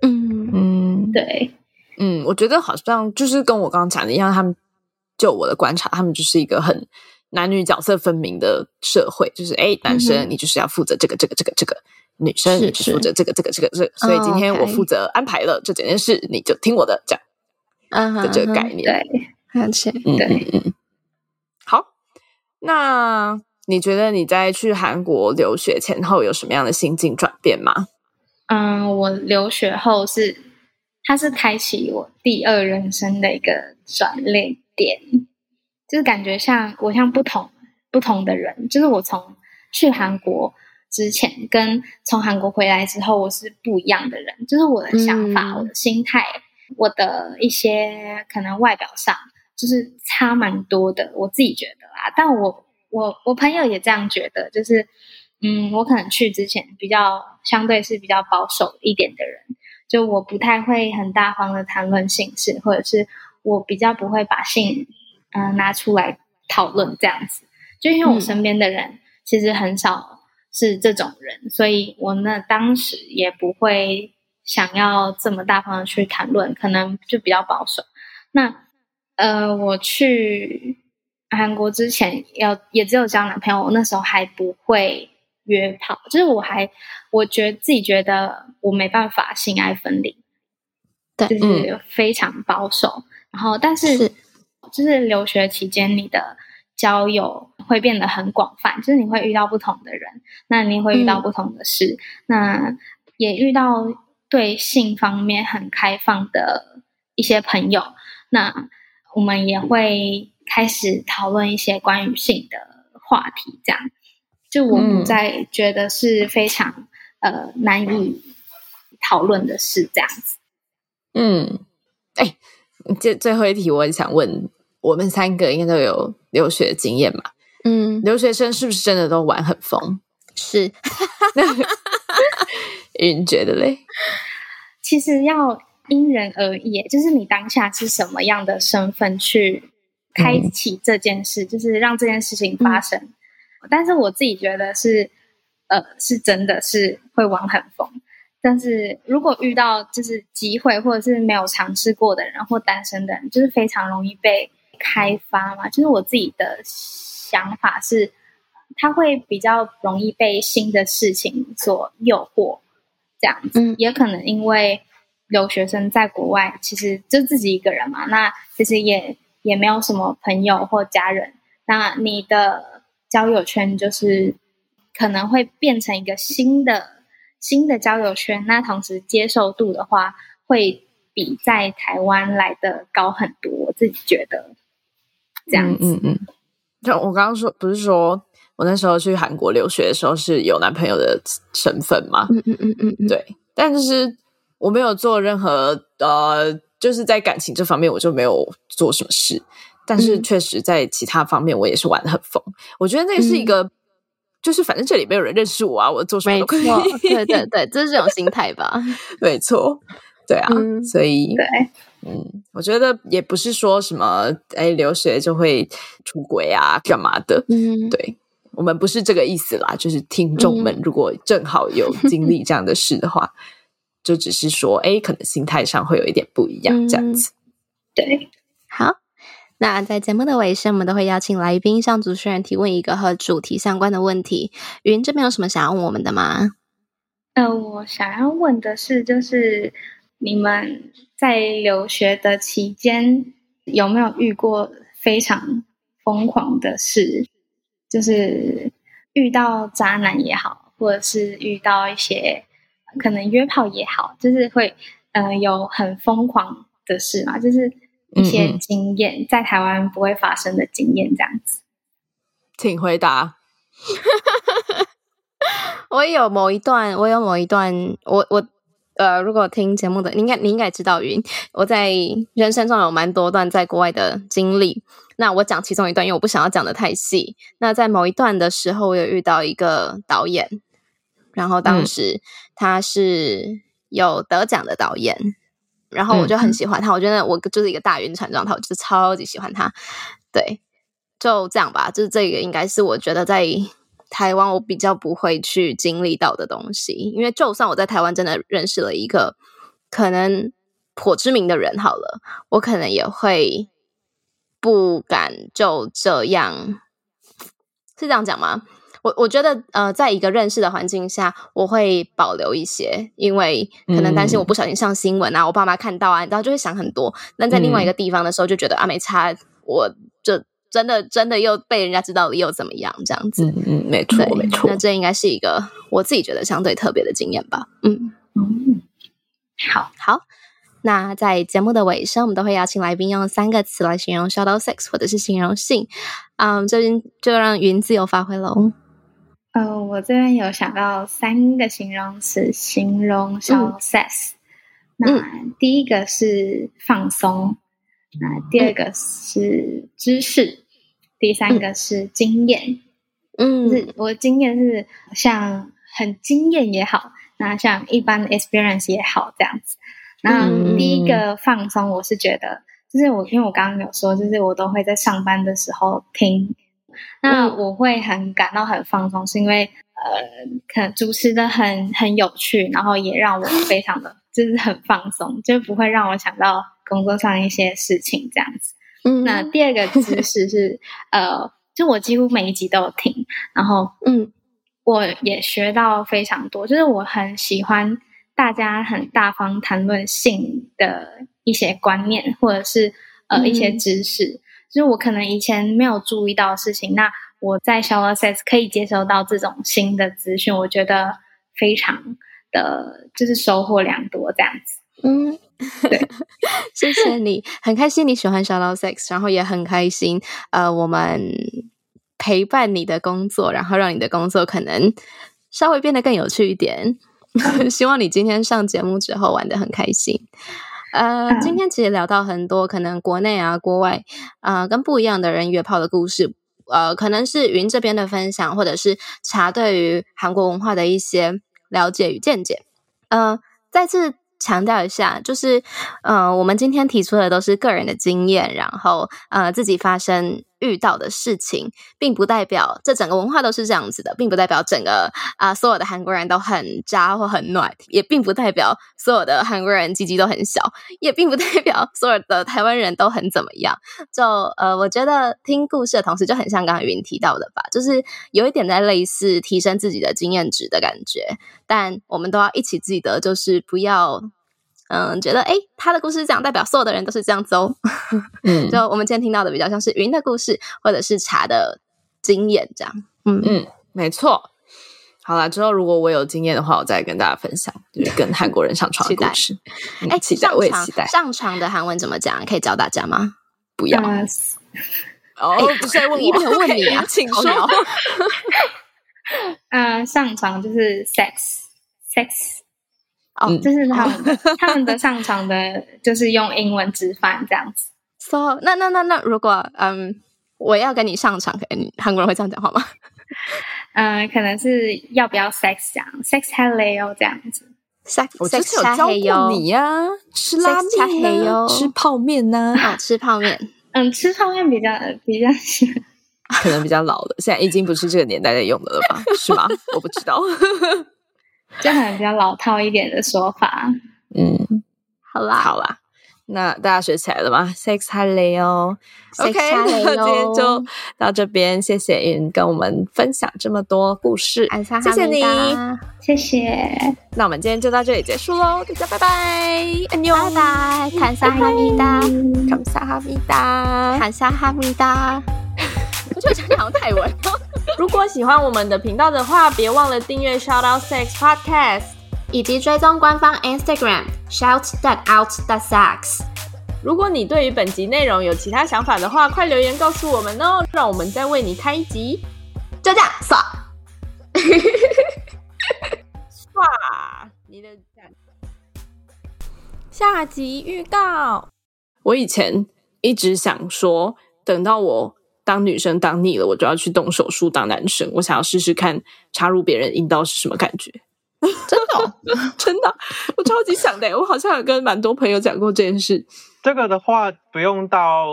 嗯嗯，對，
嗯，我覺得好像就是跟我剛剛講的一樣，他們就我的觀察，他們就是一個很男女角色分明的社會。就是哎、欸，男生你就是要負責這個這個這個這個，嗯哼，女生你就是負責這個這個這個這個、這個。是是，所以今天我負責安排了這整件事，哦 okay，你就聽我的講。嗯哼嗯哼，的這個概念。而且，對，嗯嗯嗯，好，那你覺得你在去韓國留學前後有什麼樣的心境轉變
嗎？嗯，我留學後是，它是開啟我第二人生的一個轉捩點，就是感覺像我像不同不同的人，就是我從去韓國之前跟從韓國回來之後，我是不一樣的人，就是我的想法、嗯、我的心態、我的一些可能外表上。就是差蠻多的，我自己覺得啦，但我我我朋友也這樣覺得，就是，嗯，我可能去之前比較相對是比較保守一點的人，就我不太會很大方的談論性事，或者是我比較不會把性嗯、呃、拿出來討論這樣子，就因為我身邊的人、嗯、其實很少是這種人，所以我呢當時也不會想要這麼大方的去談論，可能就比較保守，那。呃，我去韓國之前要也只有交男朋友，我那時候還不會約炮，就是我還我覺得自己覺得我沒辦法性愛分離，對，就是非常保守。嗯、然後，但是，是就是留學期間，你的交友會變得很廣泛，就是你會遇到不同的人，那你會遇到不同的事，嗯、那也遇到對性方面很開放的一些朋友，那。我們也會開始討論一些關於性的話題，這樣就我不再覺得是非常、嗯、呃難以討論的事，這樣子。
嗯，哎，這最後一題，我也想問我們三個應該都有留學經驗嘛？嗯，留學生是不是真的都玩很瘋？是， 你覺得嘞？
其實要。因人而異，就是你當下是什麼樣的身份去開啟這件事，嗯、就是讓這件事情發生。嗯、但是我自己覺得是，呃，是真的是會玩很瘋。但是如果遇到就是機會，或者是沒有嘗試過的人或單身的人，就是非常容易被開發嘛。就是我自己的想法是，他會比較容易被新的事情所誘惑，這樣子、嗯、也可能因為。留學生在國外其實就自己一個人嘛，那其實也也沒有什麼朋友或家人。那你的交友圈就是可能會變成一個新的新的交友圈。那同時接受度的話，會比在台灣來的高很多。我自己覺得這樣子。嗯嗯嗯。就我剛剛說，
不是說我那時候去韓國留學的時候是有男朋友的身份嗎？嗯嗯嗯嗯。對，但是。我沒有做任何呃，就是在感情這方面，我就沒有做什麼事。但是確實在其他方面，我也是玩得很瘋。嗯、我覺得那個是一個，嗯、就是反正這裡沒有人認識我啊，我做什麼都可以。對對對，這、就是這種心態吧？ 沒錯，對啊。嗯、所以，對，嗯，我覺得也不是說什麼，哎，留學就會出軌啊，幹嘛的？嗯，對，我們不是這個意思啦。就是聽眾們，如果正好有經歷這樣的事的話。嗯 就只是說，哎，可能心態上會有一點不一樣，這樣子。對，好。那在節目的尾聲，我們都會邀請來賓向主持人提問一個和主題相關的問題。云這邊有什麼想要問我們的嗎？
呃，我想要問的是，就是你們在留學的期間有沒有遇過非常瘋狂的事？就是遇到渣男也好，或者是遇到一些。可能約炮也好，就是會，呃，有很瘋狂的事嘛，就是一些經驗，嗯嗯在台灣不會發生的經驗這樣子。請回答。 我也有某一段，我有某一
段，我我呃，如果聽節目的，你應該你應該知道 Yun，我在人生中有蠻多段在國外的經歷。那我講其中一段，因為我不想要講的太細。那在某一段的時候，我有遇到一個導演。然後當時他是有得獎的導演，嗯、然後我就很喜歡他。嗯、我覺得我就是一個大暈船狀態，我就是超級喜歡他。對，就這樣吧。就是這個，應該是我覺得在台灣，我比較不會去經歷到的東西。因為就算我在台灣真的認識了一個可能頗知名的人，好了，我可能也會不敢就這樣。是這樣講嗎？我我覺得，呃，在一個認識的環境下，我會保留一些，因為可能擔心我不小心上新聞啊，嗯、我爸媽看到啊，然後、啊、就會想很多。那在另外一個地方的時候，就覺得、嗯、啊，沒差，我就真的真的又被人家知道了，又怎麼樣？這樣子，嗯，沒錯、嗯、沒錯。對沒錯，那這應該是一個我自己覺得相對特別的經驗吧，嗯嗯，好好。那在節目的尾聲，我們都會邀請來賓用三個詞來形容《Shout Out Sex》或者是形容性，嗯，這邊就讓
云自由發揮嘍。嗯呃，我這邊有想到三個形容詞形容 SOS，嗯。那第一個是放鬆，嗯、那第二個是知識，第三個是經驗。嗯，就是我的經驗是像很驚艷也好，那像一般的 experience 也好這樣子。那第一個放鬆，我是覺得就是我因為我剛剛有說，就是我都會在上班的時候聽。那我會很感到很放鬆，是因為呃，可能主持的很很有趣，然後也讓我非常的就是很放鬆，就不會讓我想到工作上一些事情這樣子。嗯，嗯，那第二個知識是呃，就我幾乎每一集都有聽，然後嗯，我也學到非常多，就是我很喜歡大家很大方談論性的一些觀念或者是呃一些知識。嗯就是我可能以前沒有注意到的事情，那我在 Shout Out Sex 可以接收到這種新的資訊，我覺得非常的就是收穫良多這樣子。嗯，對 謝謝你，
很開心你喜歡 Shout Out Sex，然後也很開心。呃，我們陪伴你的工作，然後讓你的工作可能稍微變得更有趣一點。 希望你今天上節目之後玩得很開心。呃，今天其實聊到很多可能國內啊、國外啊、呃、跟不一樣的人約炮的故事，呃，可能是雲這邊的分享，或者是茶對於韓國文化的一些了解與見解。呃，再次強調一下，就是呃，我們今天提出的都是個人的經驗，然後呃，自己發生。遇到的事情，並不代表這整個文化都是這樣子的，並不代表整個啊、呃、所有的韓國人都很渣或很暖，也並不代表所有的韓國人雞雞都很小，也並不代表所有的臺灣人都很怎麼樣。就呃，我覺得聽故事的同時，就很像剛剛 Yun 提到的吧，就是有一點在類似提升自己的經驗值的感覺。但我們都要一起記得，就是不要。嗯，覺得哎，他的故事是這樣，代表所有的人都是這樣子哦。嗯，
就
我們今天聽到的比較像是云的故事，或者是茶的經驗這樣。嗯嗯，沒錯。好了之後，如果我有經驗的話，我再跟大家分享，就是跟韓國人上床的故事。哎，期待，期待。我也期待。上床的韓文怎麼講？可以教大家嗎？不要哦，不是在問我，我沒有問你啊， 請說。嗯
，uh, 上床就是 sex sex。哦，就是他們他們的上床的，就是用英文直翻這樣子。So，那那那那，如果嗯，我要跟你上床，可能韓國人會這樣講話嗎？嗯，可能是要不要 sex 講 sex hello 這
樣子。sex 我之前有教過你呀，吃拉麵，吃
泡麵呢，吃泡麵。嗯，吃泡麵比較比較
是，可能比較老了，現在已經不是這個年代在用的了吧？是嗎？我不知道。
就好
像比較老套一點的說法，嗯，好啦，好啦，那大家學起來了嗎
？Sex 哈雷哦，OK，今天就
到這邊， 謝謝云跟我們分享這麼多故事，感謝哈密達，謝謝。那我們今天就到這裡結束嘍，大家拜拜，安妞拜拜，安沙哈密達，安沙哈密達，安沙哈密達。就講兩泰文。 如果喜歡我們的頻道的話，別忘了訂閱 Shout Out Sex Podcast，以及追蹤官方 Instagram，shout.out.sex。如果你對於本集內容有其他想法的話，快留言告訴我們哦，讓我們再為你開一集。就這樣，刷，刷 你的讚。下集預告：我以前一直想說，等到我。當女生當膩了，我就要去動手術當男生。我想要試試看插入別人陰道是什麼感覺， 真的真、啊、的，我超級想的、欸。我好像有跟蠻多朋友講過這件事。
這個的話不用到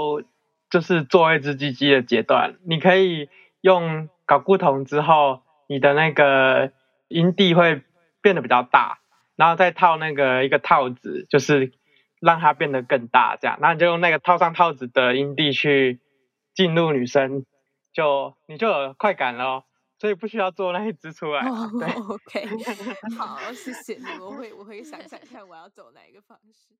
就是做一隻雞雞的階段，你可以用睪固酮之後，你的那個陰蒂會變得比較大，然後再套那個一個套子，就是讓它變得更大，這樣。那你就用那個套上套子的陰蒂去。進入女生，就你就有快感咯，所以不需要做那一隻出來。對
，OK，好，謝謝我會，我會想想看我要走哪一個方式。